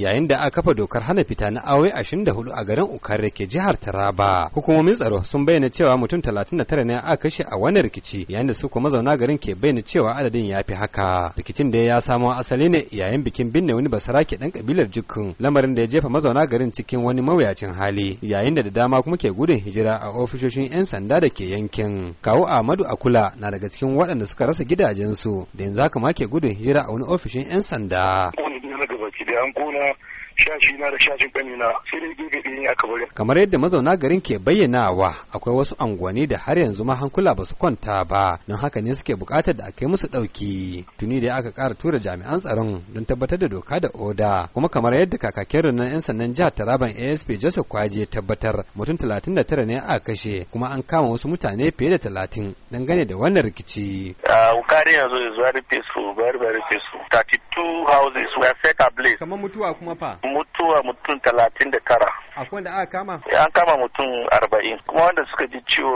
yayin da aka kafa dokar hana fita na aure hudu a garin Ukare ke jihar Taraba. Hukumomin tsaro sun bayyana cewa mutum talatin da tara ne aka kashe a wani rikici yayin da su kuma mazauna garin ke bayyana cewa adadin ya fi haka. Rikicin da ya samo asali ne yayin bikin binne wani basarake dan kabilar jikin lamarin da ya jefa mazauna garin cikin wani mawuyacin hali yayin da da dama kuma ke gudun hijira a ofishoshin 'yan sanda da ke yankin. kawu Ahmadu Akula na daga cikin waɗanda suka rasa gidajensu da yanzu haka ma ke gudun hijira a wani ofishin 'yan sanda. an kona shashi na da shashin na sai dai gefe ɗaya aka bari. Kamar yadda mazauna garin ke bayyanawa akwai wasu unguwanni da har yanzu ma hankula ba su kwanta ba don haka ne suke buƙatar da a kai musu ɗauki. Tuni da aka ƙara tura jami'an tsaron don tabbatar da doka da oda kuma kamar yadda kakakin rundunar 'yan sannan jihar Taraban ASP Joseph Kwaje tabbatar mutum talatin da tara ne aka kashe kuma an kama wasu mutane fiye da talatin dangane da wannan rikici. Wukari ah, yanzu is very peaceful, very very peaceful. 32 houses were set up kamar mutuwa kuma fa mutuwa mutum talatin da tara akwai da aka kama eh, an kama mutum arba'in kuma wanda suka ji ciwo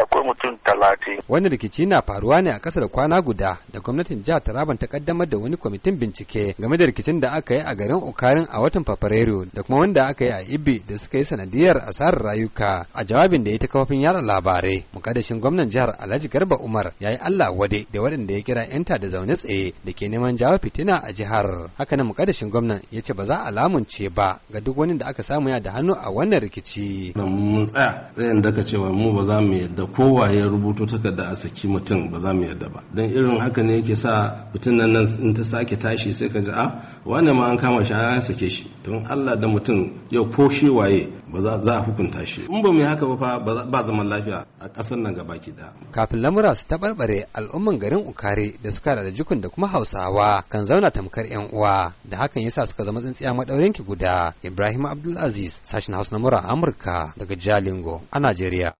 akwai mutum talatin wani rikici na faruwa ne a kasar kwana guda da gwamnatin jihar taraban ta kaddamar da wani kwamitin bincike game da rikicin da aka yi a garin okarin a watan fabrairu da kuma wanda aka yi a ibi da suka yi sanadiyar asarar rayuka a jawabin da ya ta kafafin yada labarai mukaddashin gwamnan jihar alhaji garba umar ya yi allah wade da waɗanda ya kira yanta da zaune tsaye da ke neman jawo fitina a jihar hakanan mukaddashin gwamnan ya ce ba za a lamunce ba ga duk wani da aka samu ya da hannu a wannan rikici. Mun tsaya tsayin daga cewa mu ba za mu yadda kowa ya rubuto takarda a saki mutum ba za mu yadda ba. Don irin haka ne yake sa mutum nan nan in ta sake tashi sai ka ji a ah, wani ma an kama shi an sake shi. Don Allah da mutum yau ko shi waye ba za a hukunta shi. In ba mu yi haka ba fa ba zaman lafiya a ƙasar nan gaba ki da. Kafin lamura su taɓarɓare al'umman garin Ukare da suka da jikun da kuma Hausawa kan zauna tamkar 'yan uwa da hakan yasa suka zama tsintsiya maɗaurinki guda Ibrahim Abdulaziz sashen Hausa na Amurka daga Jalingo a Najeriya.